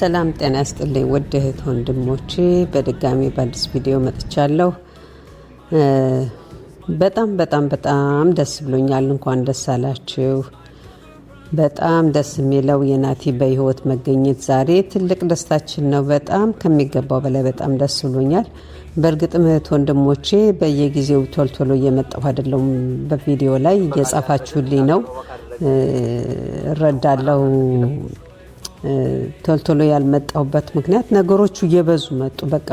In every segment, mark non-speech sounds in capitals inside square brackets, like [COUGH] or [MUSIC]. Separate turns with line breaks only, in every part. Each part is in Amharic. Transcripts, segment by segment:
ሰላም ጤና ያስጥልኝ ውድ እህት ወንድሞቼ፣ በድጋሚ በአዲስ ቪዲዮ መጥቻለሁ። በጣም በጣም በጣም ደስ ብሎኛል። እንኳን ደስ አላችሁ። በጣም ደስ የሚለው የናቲ በህይወት መገኘት ዛሬ ትልቅ ደስታችን ነው። በጣም ከሚገባው በላይ በጣም ደስ ብሎኛል። በእርግጥ ምህት ወንድሞቼ በየጊዜው ቶልቶሎ እየመጣሁ አይደለም። በቪዲዮ ላይ እየጻፋችሁልኝ ነው እረዳለሁ። ቶልቶሎ ያልመጣሁበት ምክንያት ነገሮቹ እየበዙ መጡ። በቃ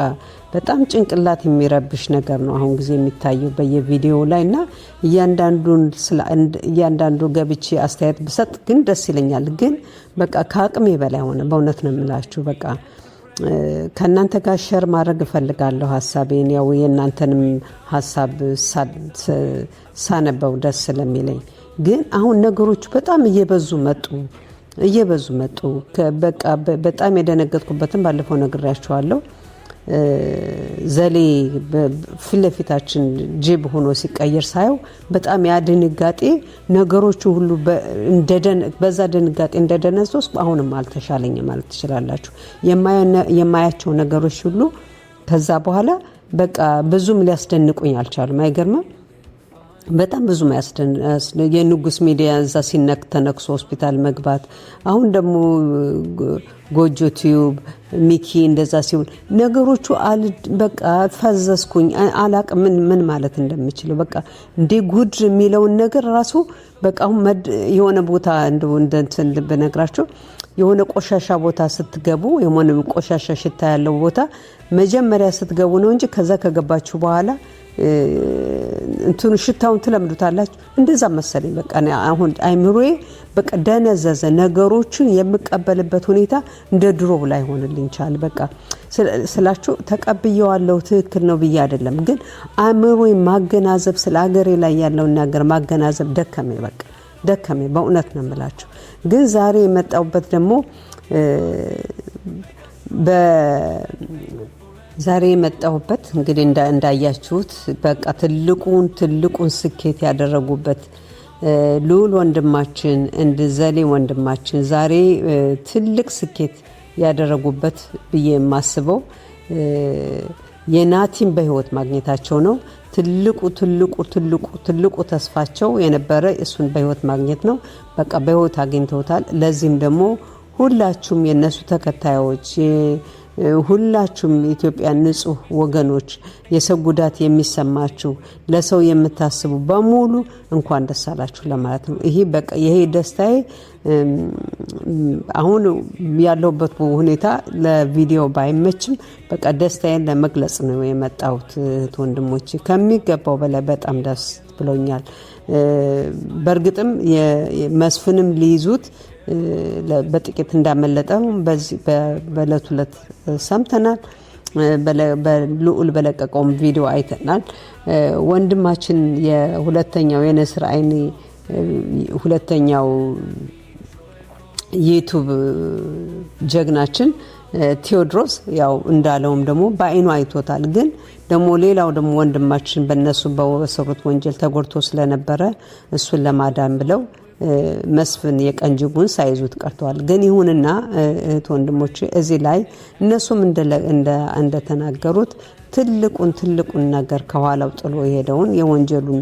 በጣም ጭንቅላት የሚረብሽ ነገር ነው አሁን ጊዜ የሚታየው በየቪዲዮው ላይ እና እያንዳንዱ ገብቼ አስተያየት ብሰጥ ግን ደስ ይለኛል። ግን በቃ ከአቅሜ በላይ ሆነ። በእውነት ነው የምላችሁ በቃ ከእናንተ ጋር ሸር ማድረግ እፈልጋለሁ ሀሳቤን። ያው የእናንተንም ሀሳብ ሳነበው ደስ ስለሚለኝ ግን አሁን ነገሮቹ በጣም እየበዙ መጡ እየበዙ መጡ። በቃ በጣም የደነገጥኩበትን ባለፈው ነግሬያቸዋለሁ ዘሌ ፊት ለፊታችን ጅብ ሆኖ ሲቀየር ሳየው በጣም ያ ድንጋጤ ነገሮቹ ሁሉ በዛ ድንጋጤ እንደደነዘ አሁንም አልተሻለኝ ማለት ትችላላችሁ። የማያቸው ነገሮች ሁሉ ከዛ በኋላ በቃ ብዙም ሊያስደንቁኝ አልቻሉም። አይገርምም? በጣም ብዙ የንጉስ ሚዲያ እዛ ሲነክ ተነክሶ ሆስፒታል መግባት አሁን ደግሞ ጎጆ ቲዩብ ሚኪ እንደዛ ሲሆን ነገሮቹ በቃ ፈዘዝኩኝ። አላቅ ምን ምን ማለት እንደምችለው በቃ እንዴ ጉድ የሚለውን ነገር ራሱ በቃ አሁን የሆነ ቦታ እንደንትን ብነግራቸው የሆነ ቆሻሻ ቦታ ስትገቡ የሆነ ቆሻሻ ሽታ ያለው ቦታ መጀመሪያ ስትገቡ ነው እንጂ ከዛ ከገባችሁ በኋላ እንትኑ ሽታውን ትለምዱታላችሁ። እንደዛ መሰለኝ በቃ አሁን አይምሮዬ በቃ ደነዘዘ። ነገሮችን የምቀበልበት ሁኔታ እንደ ድሮው ላይ ሆንልኝ ቻል። በቃ ስላችሁ ተቀብየዋለሁ ትክክል ነው ብዬ አይደለም፣ ግን አእምሮዬ ማገናዘብ ስለ አገሬ ላይ ያለውን ነገር ማገናዘብ ደከሜ፣ በቃ ደከሜ። በእውነት ነው የምላችሁ። ግን ዛሬ የመጣሁበት ደግሞ ዛሬ የመጣሁበት እንግዲህ እንዳያችሁት በቃ ትልቁን ትልቁን ስኬት ያደረጉበት ልዑል ወንድማችን እንድ ዘሌ ወንድማችን ዛሬ ትልቅ ስኬት ያደረጉበት ብዬ የማስበው የናቲን በህይወት ማግኘታቸው ነው። ትልቁ ትልቁ ትልቁ ትልቁ ተስፋቸው የነበረ እሱን በህይወት ማግኘት ነው። በቃ በህይወት አግኝተውታል። ለዚህም ደግሞ ሁላችሁም የእነሱ ተከታዮች ሁላችሁም ኢትዮጵያ ንጹህ ወገኖች፣ የሰው ጉዳት የሚሰማችሁ ለሰው የምታስቡ በሙሉ እንኳን ደስ አላችሁ ለማለት ነው። ይሄ ደስታዬ አሁን ያለሁበት ሁኔታ ለቪዲዮ ባይመችም በቃ ደስታዬን ለመግለጽ ነው የመጣሁት። ወንድሞች ከሚገባው በላይ በጣም ደስ ብሎኛል። በእርግጥም መስፍንም ሊይዙት በጥቂት እንዳመለጠው በዚህ በለት ሁለት ሰምተናል። በልዑል በለቀቀውም ቪዲዮ አይተናል። ወንድማችን የሁለተኛው የነስር አይኔ ሁለተኛው ዩቱብ ጀግናችን ቴዎድሮስ ያው እንዳለውም ደግሞ በአይኑ አይቶታል። ግን ደግሞ ሌላው ደግሞ ወንድማችን በነሱ በሰሩት ወንጀል ተጎድቶ ስለነበረ እሱን ለማዳን ብለው መስፍን የቀንጅጉን ሳይዙት ቀርተዋል። ግን ይሁንና እህት ወንድሞች እዚህ ላይ እነሱም እንደተናገሩት ትልቁን ትልቁን ነገር ከኋላው ጥሎ የሄደውን የወንጀሉን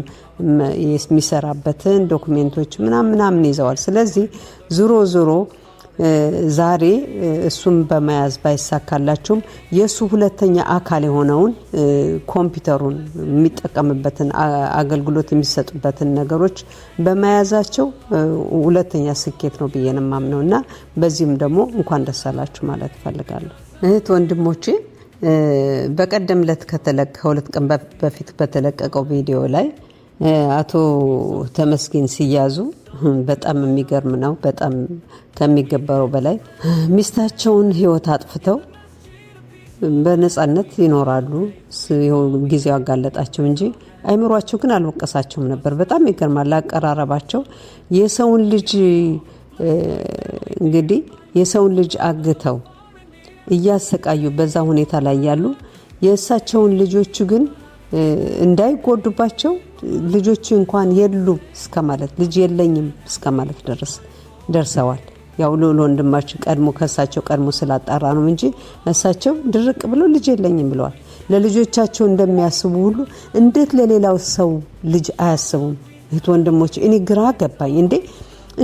የሚሰራበትን ዶክሜንቶች ምናምን ምናምን ይዘዋል። ስለዚህ ዞሮ ዞሮ ዛሬ እሱን በመያዝ ባይሳካላችሁም የእሱ ሁለተኛ አካል የሆነውን ኮምፒውተሩን የሚጠቀምበትን አገልግሎት የሚሰጡበትን ነገሮች በመያዛቸው ሁለተኛ ስኬት ነው ብዬ ነው የማምነው እና በዚህም ደግሞ እንኳን ደስ አላችሁ ማለት እፈልጋለሁ። እህት ወንድሞቼ በቀደም ለት ከሁለት ቀን በፊት በተለቀቀው ቪዲዮ ላይ አቶ ተመስገን ሲያዙ በጣም የሚገርም ነው። በጣም ከሚገበረው በላይ ሚስታቸውን ሕይወት አጥፍተው በነፃነት ይኖራሉ። ጊዜው አጋለጣቸው እንጂ አይምሯቸው ግን አልወቀሳቸውም ነበር። በጣም ይገርማል አቀራረባቸው። የሰውን ልጅ እንግዲህ የሰውን ልጅ አግተው እያሰቃዩ በዛ ሁኔታ ላይ ያሉ የእሳቸውን ልጆቹ ግን እንዳይጎዱባቸው ልጆች እንኳን የሉም እስከ ማለት ልጅ የለኝም እስከ ማለት ድረስ ደርሰዋል። ያው ልዑል ወንድማችን ቀድሞ ከእሳቸው ቀድሞ ስላጣራ ነው እንጂ እሳቸው ድርቅ ብለው ልጅ የለኝም ብለዋል። ለልጆቻቸው እንደሚያስቡ ሁሉ እንዴት ለሌላው ሰው ልጅ አያስቡም? እህት ወንድሞች፣ እኔ ግራ ገባኝ። እንዴ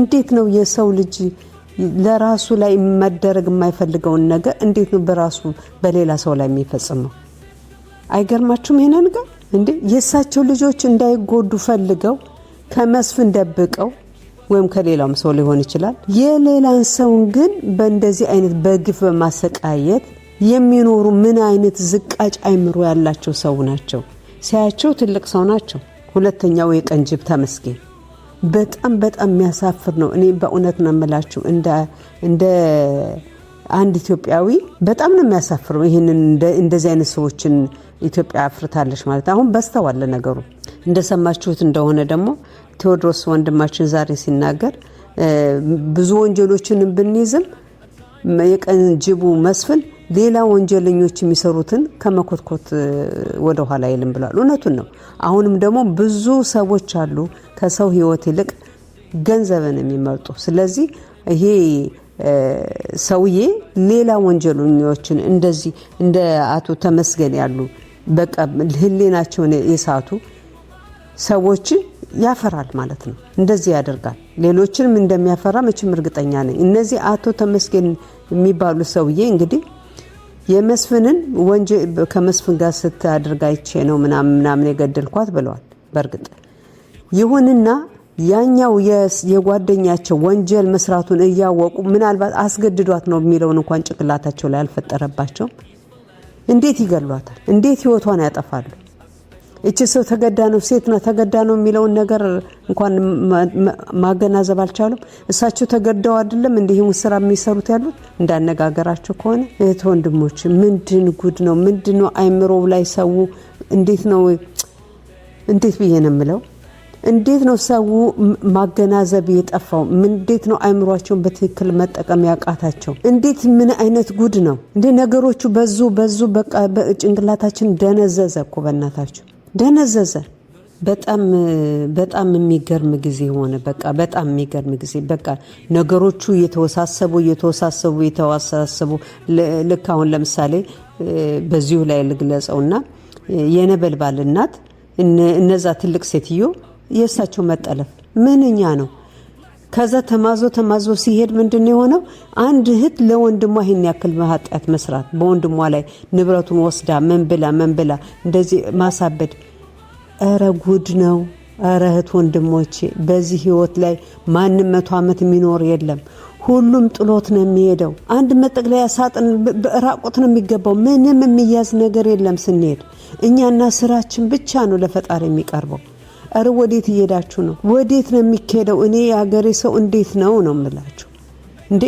እንዴት ነው የሰው ልጅ ለራሱ ላይ መደረግ የማይፈልገውን ነገር እንዴት ነው በራሱ በሌላ ሰው ላይ የሚፈጽመው? አይገርማችሁም? ይሄን ነገር እንዴ የእሳቸው ልጆች እንዳይጎዱ ፈልገው ከመስፍን ደብቀው ወይም ከሌላውም ሰው ሊሆን ይችላል። የሌላን ሰውን ግን በእንደዚህ አይነት በግፍ በማሰቃየት የሚኖሩ ምን አይነት ዝቃጭ አይምሮ ያላቸው ሰው ናቸው? ሲያያቸው ትልቅ ሰው ናቸው። ሁለተኛው የቀንጅብ ተመስገን በጣም በጣም የሚያሳፍር ነው። እኔ በእውነት ነው የምላችሁ እንደ አንድ ኢትዮጵያዊ በጣም ነው የሚያሳፍረው ይህንን እንደዚህ አይነት ሰዎችን ኢትዮጵያ አፍርታለች ማለት አሁን በስተዋለ ነገሩ እንደሰማችሁት እንደሆነ ደግሞ ቴዎድሮስ ወንድማችን ዛሬ ሲናገር ብዙ ወንጀሎችንም ብንይዝም የቀን ጅቡ መስፍን ሌላ ወንጀለኞች የሚሰሩትን ከመኮትኮት ወደኋላ አይልም ብሏል። እውነቱን ነው። አሁንም ደግሞ ብዙ ሰዎች አሉ ከሰው ሕይወት ይልቅ ገንዘብን የሚመርጡ። ስለዚህ ይሄ ሰውዬ ሌላ ወንጀለኞችን እንደዚህ እንደ አቶ ተመስገን ያሉ በቃ ህሊናቸውን የሳቱ ሰዎችን ያፈራል ማለት ነው። እንደዚህ ያደርጋል። ሌሎችንም እንደሚያፈራ መቼም እርግጠኛ ነኝ። እነዚህ አቶ ተመስገን የሚባሉ ሰውዬ እንግዲህ የመስፍንን ወንጀ ከመስፍን ጋር ስታደርግ አይቼ ነው ምናምን ምናምን የገደልኳት ብለዋል። በእርግጥ ይሁንና ያኛው የጓደኛቸው ወንጀል መስራቱን እያወቁ ምናልባት አስገድዷት ነው የሚለውን እንኳን ጭንቅላታቸው ላይ አልፈጠረባቸውም። እንዴት ይገሏታል? እንዴት ህይወቷን ያጠፋሉ? እቺ ሰው ተገዳ ነው፣ ሴት ነው ተገዳ ነው የሚለውን ነገር እንኳን ማገናዘብ አልቻሉም። እሳቸው ተገዳው አይደለም እንዲህ ስራ የሚሰሩት ያሉት። እንዳነጋገራቸው ከሆነ እህት ወንድሞች፣ ምንድን ጉድ ነው? ምንድን ነው አይምሮው ላይ ሰው እንዴት ነው እንዴት ብዬ ነው የምለው እንዴት ነው ሰው ማገናዘብ የጠፋው? እንዴት ነው አይምሯቸውን በትክክል መጠቀም ያቃታቸው? እንዴት ምን አይነት ጉድ ነው እንዴ! ነገሮቹ በዙ በዙ። በቃ ጭንቅላታችን ደነዘዘ እኮ በእናታችሁ ደነዘዘ። በጣም በጣም የሚገርም ጊዜ ሆነ። በቃ በጣም የሚገርም ጊዜ በቃ ነገሮቹ እየተወሳሰቡ እየተወሳሰቡ እየተወሳሰቡ ልክ አሁን ለምሳሌ በዚሁ ላይ ልግለጸውና የነበልባል እናት እነዛ ትልቅ ሴትዮ የእሳቸው መጠለፍ ምንኛ ነው። ከዛ ተማዞ ተማዞ ሲሄድ ምንድን የሆነው አንድ እህት ለወንድሟ ይህን ያክል ኃጢአት መስራት በወንድሟ ላይ ንብረቱን ወስዳ መንብላ መንብላ እንደዚህ ማሳበድ፣ እረ ጉድ ነው። እረ እህት ወንድሞቼ፣ በዚህ ህይወት ላይ ማንም መቶ ዓመት የሚኖር የለም። ሁሉም ጥሎት ነው የሚሄደው። አንድ መጠቅለያ ሳጥን ራቁት ነው የሚገባው። ምንም የሚያዝ ነገር የለም ስንሄድ። እኛና ስራችን ብቻ ነው ለፈጣሪ የሚቀርበው። እረ ወዴት እየሄዳችሁ ነው? ወዴት ነው የሚካሄደው? እኔ የሀገሬ ሰው እንዴት ነው ነው የምላችሁ እንዴ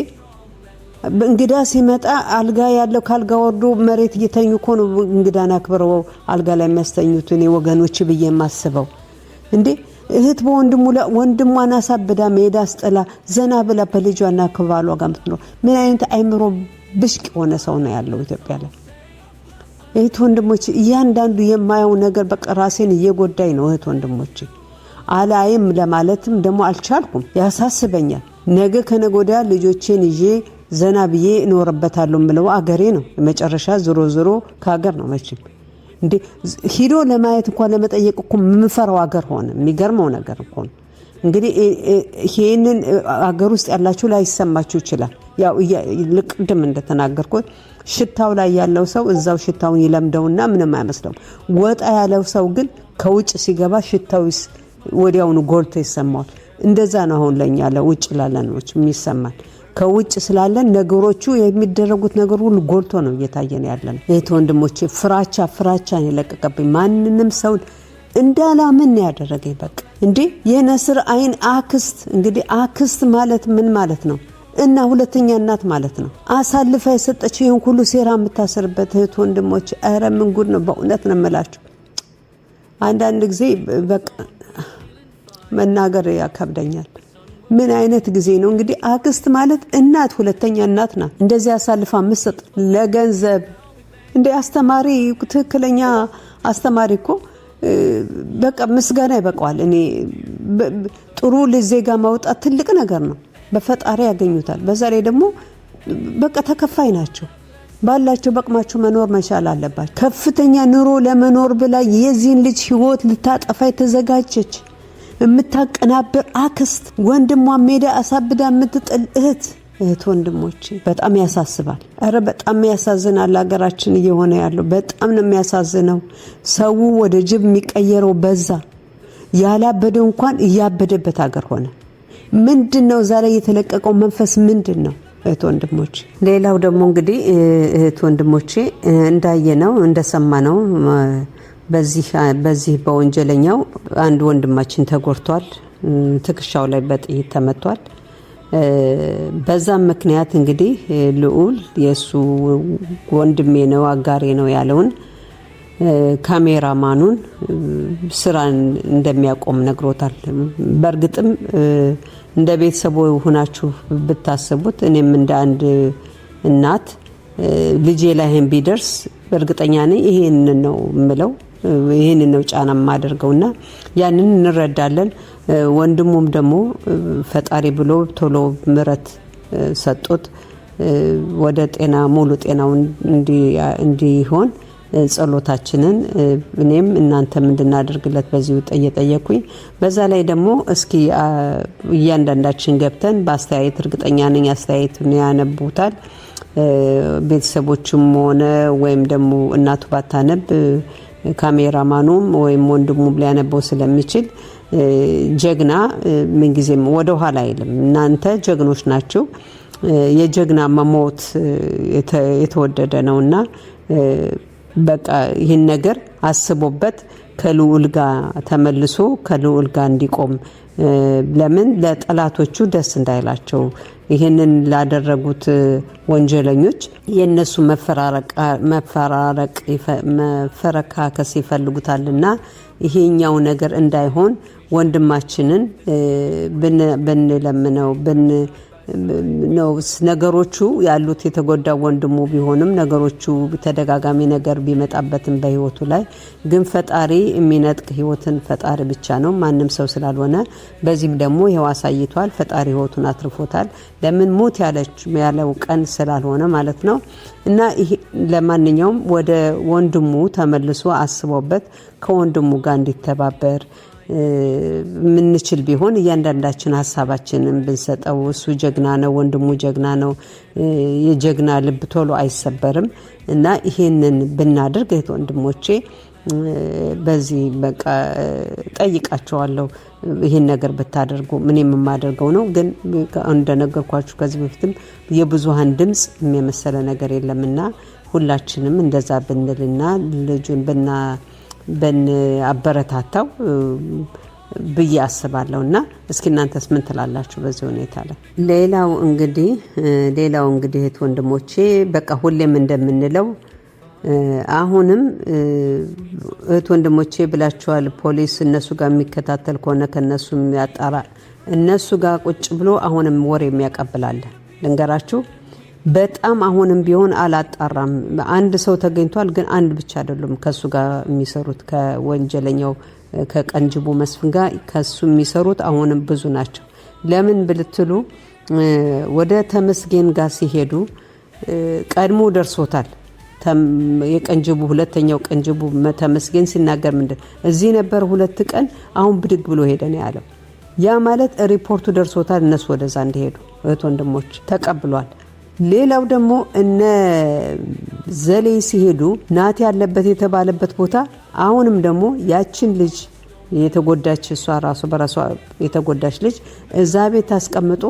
እንግዳ ሲመጣ አልጋ ያለው ከአልጋ ወርዶ መሬት እየተኙ እኮ ነው እንግዳን አክብረው አልጋ ላይ የሚያስተኙት። እኔ ወገኖች ብዬ የማስበው እንዴ እህት በወንድሙ ወንድሟን አሳብዳ መሄድ አስጠላ ዘና ብላ በልጇና ከባሏ ጋር ምትኖር ምን አይነት አይምሮ ብሽቅ የሆነ ሰው ነው ያለው ኢትዮጵያ ላይ? እህት ወንድሞች፣ እያንዳንዱ የማየው ነገር በቃ ራሴን እየጎዳኝ ነው። እህት ወንድሞች፣ አላይም ለማለትም ደግሞ አልቻልኩም። ያሳስበኛል። ነገ ከነገ ወዲያ ልጆቼን ይዤ ዘና ብዬ እኖርበታለሁ የምለው አገሬ ነው። መጨረሻ ዞሮ ዞሮ ከሀገር ነው መቼም እንዴ ሂዶ ለማየት እንኳን ለመጠየቅ እኮ የምፈራው ሀገር ሆነ። የሚገርመው ነገር እኮ ነው። እንግዲህ ይህንን ሀገር ውስጥ ያላችሁ ላይሰማችሁ ይችላል። ያው ቅድም እንደተናገርኩት ሽታው ላይ ያለው ሰው እዛው ሽታውን ይለምደውና ምንም አይመስለውም። ወጣ ያለው ሰው ግን ከውጭ ሲገባ ሽታው ወዲያውኑ ጎልቶ ይሰማዋል። እንደዛ ነው አሁን ለኛ ለውጭ ላለኖች የሚሰማል። ከውጭ ስላለን ነገሮቹ የሚደረጉት ነገር ሁሉ ጎልቶ ነው እየታየን ያለ ነው። የት ወንድሞቼ ፍራቻ ፍራቻን የለቀቀብኝ ማንንም ሰውን እንዳላምን ያደረገኝ በቃ እንዲህ የነስር አይን አክስት እንግዲህ አክስት ማለት ምን ማለት ነው? እና ሁለተኛ እናት ማለት ነው። አሳልፋ የሰጠችው ይህን ሁሉ ሴራ የምታስርበት እህት ወንድሞች፣ እረ ምን ጉድ ነው! በእውነት ነው የምላችሁ። አንዳንድ ጊዜ በቃ መናገር ያከብደኛል። ምን አይነት ጊዜ ነው እንግዲህ። አክስት ማለት እናት፣ ሁለተኛ እናት ናት። እንደዚህ አሳልፋ ምሰጥ ለገንዘብ እንደ አስተማሪ፣ ትክክለኛ አስተማሪ እኮ በቃ ምስጋና ይበቃዋል። እኔ ጥሩ ልጅ ዜጋ ማውጣት ትልቅ ነገር ነው። በፈጣሪ ያገኙታል። በዛ ላይ ደግሞ በቃ ተከፋይ ናቸው። ባላቸው በቅማቸው መኖር መቻል አለባቸው። ከፍተኛ ኑሮ ለመኖር ብላ የዚህን ልጅ ህይወት ልታጠፋ የተዘጋጀች የምታቀናብር አክስት፣ ወንድሟ ሜዳ አሳብዳ የምትጥል እህት እህት ወንድሞች በጣም ያሳስባል። እረ በጣም ያሳዝናል። ሀገራችን እየሆነ ያለው በጣም ነው የሚያሳዝነው። ሰው ወደ ጅብ የሚቀየረው በዛ። ያላበደው እንኳን እያበደበት ሀገር ሆነ። ምንድን ነው እዛ ላይ የተለቀቀው መንፈስ ምንድን ነው? እህት ወንድሞች፣ ሌላው ደግሞ እንግዲህ እህት ወንድሞቼ ነው እንደሰማ ነው በዚህ በወንጀለኛው አንድ ወንድማችን ተጎድቷል። ትከሻው ላይ በጥይት ተመቷል። በዛም ምክንያት እንግዲህ ልዑል የእሱ ወንድሜ ነው አጋሬ ነው ያለውን ካሜራማኑን ስራን እንደሚያቆም ነግሮታል። በእርግጥም እንደ ቤተሰቡ ሆናችሁ ብታስቡት እኔም እንደ አንድ እናት ልጄ ላይ ቢደርስ በእርግጠኛ ነኝ ይሄንን ነው ምለው ይህንን ነው ጫና የማደርገውና ያንን እንረዳለን። ወንድሙም ደግሞ ፈጣሪ ብሎ ቶሎ ምረት ሰጦት ወደ ጤና ሙሉ ጤናው እንዲሆን ጸሎታችንን እኔም እናንተም እንድናደርግለት በዚሁ እየጠየኩኝ በዛ ላይ ደግሞ እስኪ እያንዳንዳችን ገብተን በአስተያየት እርግጠኛ ነኝ አስተያየቱን ያነቡታል ቤተሰቦችም ሆነ ወይም ደግሞ እናቱ ባታነብ ካሜራማኑም ወይም ወንድሙም ሊያነበው ስለሚችል ጀግና ምንጊዜም ወደኋላ አይልም። እናንተ ጀግኖች ናችሁ። የጀግና መሞት የተወደደ ነውና በቃ ይህን ነገር አስቦበት ከልዑል ጋር ተመልሶ ከልዑል ጋር እንዲቆም ለምን ለጠላቶቹ ደስ እንዳይላቸው ይህንን ላደረጉት ወንጀለኞች የእነሱ መፈራረቅ መፈረካከስ ይፈልጉታልና ይሄኛው ነገር እንዳይሆን ወንድማችንን ብንለምነው ነው ነገሮቹ ያሉት። የተጎዳው ወንድሙ ቢሆንም ነገሮቹ ተደጋጋሚ ነገር ቢመጣበትም በህይወቱ ላይ ግን ፈጣሪ የሚነጥቅ ህይወትን ፈጣሪ ብቻ ነው፣ ማንም ሰው ስላልሆነ በዚህም ደግሞ ይኸው አሳይቷል። ፈጣሪ ህይወቱን አትርፎታል። ለምን ሞት ያለው ቀን ስላልሆነ ማለት ነው። እና ለማንኛውም ወደ ወንድሙ ተመልሶ አስቦበት ከወንድሙ ጋር እንዲተባበር ምንችል ቢሆን እያንዳንዳችን ሀሳባችንን ብንሰጠው እሱ ጀግና ነው፣ ወንድሙ ጀግና ነው፣ የጀግና ልብ ቶሎ አይሰበርም እና ይሄንን ብናደርግ እህት ወንድሞቼ በዚህ በቃ ጠይቃቸዋለሁ። ይህን ነገር ብታደርጉ ምን የምማደርገው ነው። ግን እንደነገርኳችሁ ከዚህ በፊትም የብዙሀን ድምፅ የሚመሰለ ነገር የለምና ሁላችንም እንደዛ ብንልና ልጁን ብና ብንአበረታታው ብዬ አስባለሁ። እና እስኪ እናንተስ ምን ትላላችሁ በዚህ ሁኔታ ላይ? ሌላው እንግዲህ ሌላው እንግዲህ እህት ወንድሞቼ በቃ ሁሌም እንደምንለው አሁንም እህት ወንድሞቼ ብላችኋል። ፖሊስ እነሱ ጋር የሚከታተል ከሆነ ከነሱ ያጣራ እነሱ ጋር ቁጭ ብሎ አሁንም ወሬ የሚያቀብላለ ልንገራችሁ በጣም አሁንም ቢሆን አላጣራም። አንድ ሰው ተገኝቷል፣ ግን አንድ ብቻ አይደሉም ከሱ ጋር የሚሰሩት ከወንጀለኛው ከቀንጅቡ መስፍን ጋር ከሱ የሚሰሩት አሁንም ብዙ ናቸው። ለምን ብልትሉ ወደ ተመስገን ጋር ሲሄዱ ቀድሞ ደርሶታል። የቀንጅቡ ሁለተኛው ቀንጅቡ ተመስገን ሲናገር ምንድን እዚህ ነበር ሁለት ቀን አሁን ብድግ ብሎ ሄደ ነው ያለው። ያ ማለት ሪፖርቱ ደርሶታል። እነሱ ወደዛ እንዲሄዱ እህት ወንድሞች ተቀብሏል። ሌላው ደግሞ እነ ዘሌ ሲሄዱ ናት ያለበት የተባለበት ቦታ አሁንም ደግሞ ያችን ልጅ የተጎዳች እሷ ራሱ በራሷ የተጎዳች ልጅ እዛ ቤት አስቀምጦ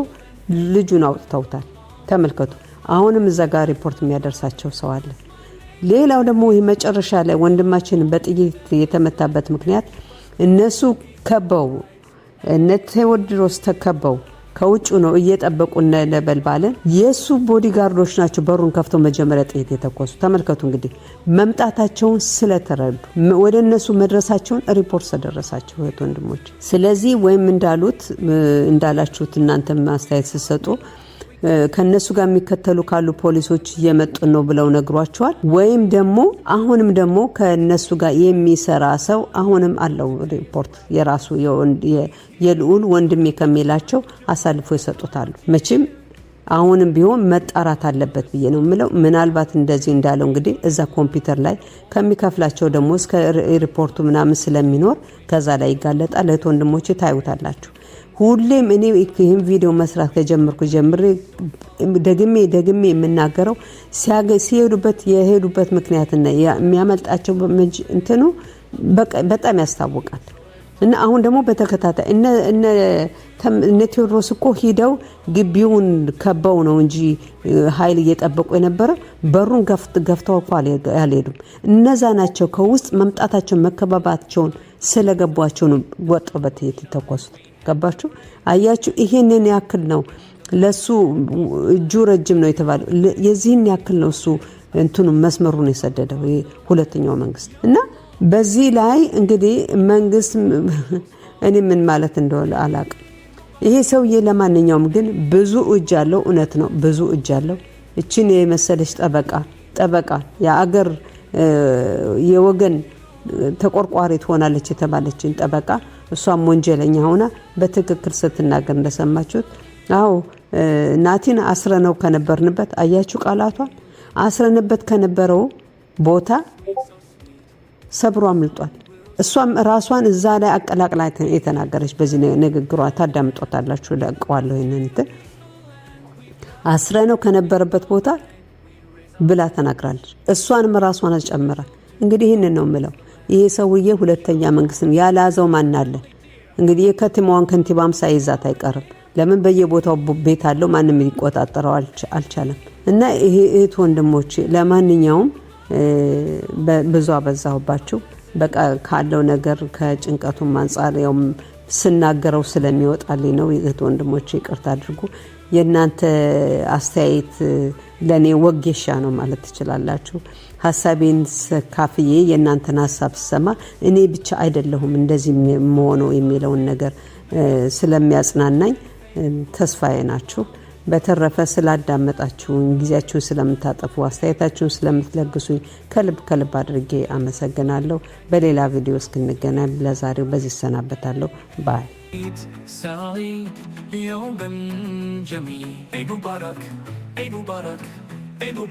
ልጁን አውጥተውታል። ተመልከቱ። አሁንም እዛ ጋር ሪፖርት የሚያደርሳቸው ሰው አለ። ሌላው ደግሞ ይህ መጨረሻ ላይ ወንድማችን በጥይት የተመታበት ምክንያት እነሱ ከበው እነ ቴዎድሮስ ተከበው ከውጭ ነው እየጠበቁ ነበልባልን። የእሱ ቦዲጋርዶች ናቸው በሩን ከፍተው መጀመሪያ ጥይት የተኮሱ። ተመልከቱ እንግዲህ መምጣታቸውን ስለተረዱ ወደ እነሱ መድረሳቸውን ሪፖርት ተደረሳቸው እህት ወንድሞች። ስለዚህ ወይም እንዳሉት እንዳላችሁት እናንተ ማስተያየት ስትሰጡ ከነሱ ጋር የሚከተሉ ካሉ ፖሊሶች እየመጡ ነው ብለው ነግሯቸዋል። ወይም ደግሞ አሁንም ደግሞ ከነሱ ጋር የሚሰራ ሰው አሁንም አለው ሪፖርት የራሱ የልዑል ወንድሜ ከሚላቸው አሳልፎ ይሰጡታሉ። መቼም አሁንም ቢሆን መጣራት አለበት ብዬ ነው የምለው። ምናልባት እንደዚህ እንዳለው እንግዲህ እዛ ኮምፒውተር ላይ ከሚከፍላቸው ደግሞ እስከ ሪፖርቱ ምናምን ስለሚኖር ከዛ ላይ ይጋለጣል። እህት ወንድሞቼ ታዩታላችሁ። ሁሌም እኔ ይህን ቪዲዮ መስራት ከጀመርኩ ጀምሬ ደግሜ ደግሜ የምናገረው ሲሄዱበት የሄዱበት ምክንያትና የሚያመልጣቸው እንትኑ በጣም ያስታውቃል። እና አሁን ደግሞ በተከታታይ እነ ቴዎድሮስ እኮ ሂደው ግቢውን ከበው ነው እንጂ ኃይል እየጠበቁ የነበረ በሩን ገፍተው እኮ አልሄዱም። እነዛ ናቸው ከውስጥ መምጣታቸውን መከባባቸውን ስለገቧቸው ነው በትየት የተተኮሱት። ገባችሁ? አያችሁ? ይሄንን ያክል ነው ለሱ እጁ ረጅም ነው የተባለው። የዚህን ያክል ነው እሱ እንትኑ መስመሩን የሰደደው ሁለተኛው መንግስት እና በዚህ ላይ እንግዲህ መንግስት [LAUGHS] እኔ ምን ማለት እንደሆነ አላቅም። ይሄ ሰውዬ ለማንኛውም ግን ብዙ እጅ አለው፣ እውነት ነው ብዙ እጅ አለው። እችን የመሰለች ጠበቃ ጠበቃ የአገር የወገን ተቆርቋሪ ትሆናለች የተባለችን ጠበቃ እሷም ወንጀለኛ ሆና በትክክል ስትናገር እንደሰማችሁት፣ አዎ ናቲን አስረነው ከነበርንበት አያችሁ ቃላቷን አስረንበት ከነበረው ቦታ ሰብሮ አምልጧል። እሷም ራሷን እዛ ላይ አቀላቅላ የተናገረች በዚህ ንግግሯ ታዳምጦታላችሁ። ለቀዋለሁ ይንንትን አስረነው ከነበረበት ቦታ ብላ ተናግራለች። እሷንም ራሷን አስጨምራ እንግዲህ ይህንን ነው ምለው ይሄ ሰውዬ ሁለተኛ መንግስት ያላዘው ማን አለ እንግዲህ የከተማዋን ከንቲባም ሳይዛት አይቀርም። ለምን በየቦታው ቤት አለው፣ ማንም ሊቆጣጠረው አልቻለም። እና ይሄ እህት ወንድሞች፣ ለማንኛውም ብዙ አበዛሁባችሁ። በቃ ካለው ነገር ከጭንቀቱም አንጻር ያው ስናገረው ስለሚወጣልኝ ነው። እህት ወንድሞች ይቅርታ አድርጉ። የእናንተ አስተያየት ለእኔ ወጌሻ ነው ማለት ትችላላችሁ። ሀሳቤን ካፍዬ የእናንተን ሀሳብ ስሰማ እኔ ብቻ አይደለሁም እንደዚህ የምሆነው የሚለውን ነገር ስለሚያጽናናኝ ተስፋዬ ናችሁ። በተረፈ ስላዳመጣችሁኝ፣ ጊዜያችሁን ስለምታጠፉ፣ አስተያየታችሁን ስለምትለግሱኝ ከልብ ከልብ አድርጌ አመሰግናለሁ። በሌላ ቪዲዮ እስክንገናኝ ለዛሬው በዚህ እሰናበታለሁ። ባይ سعيد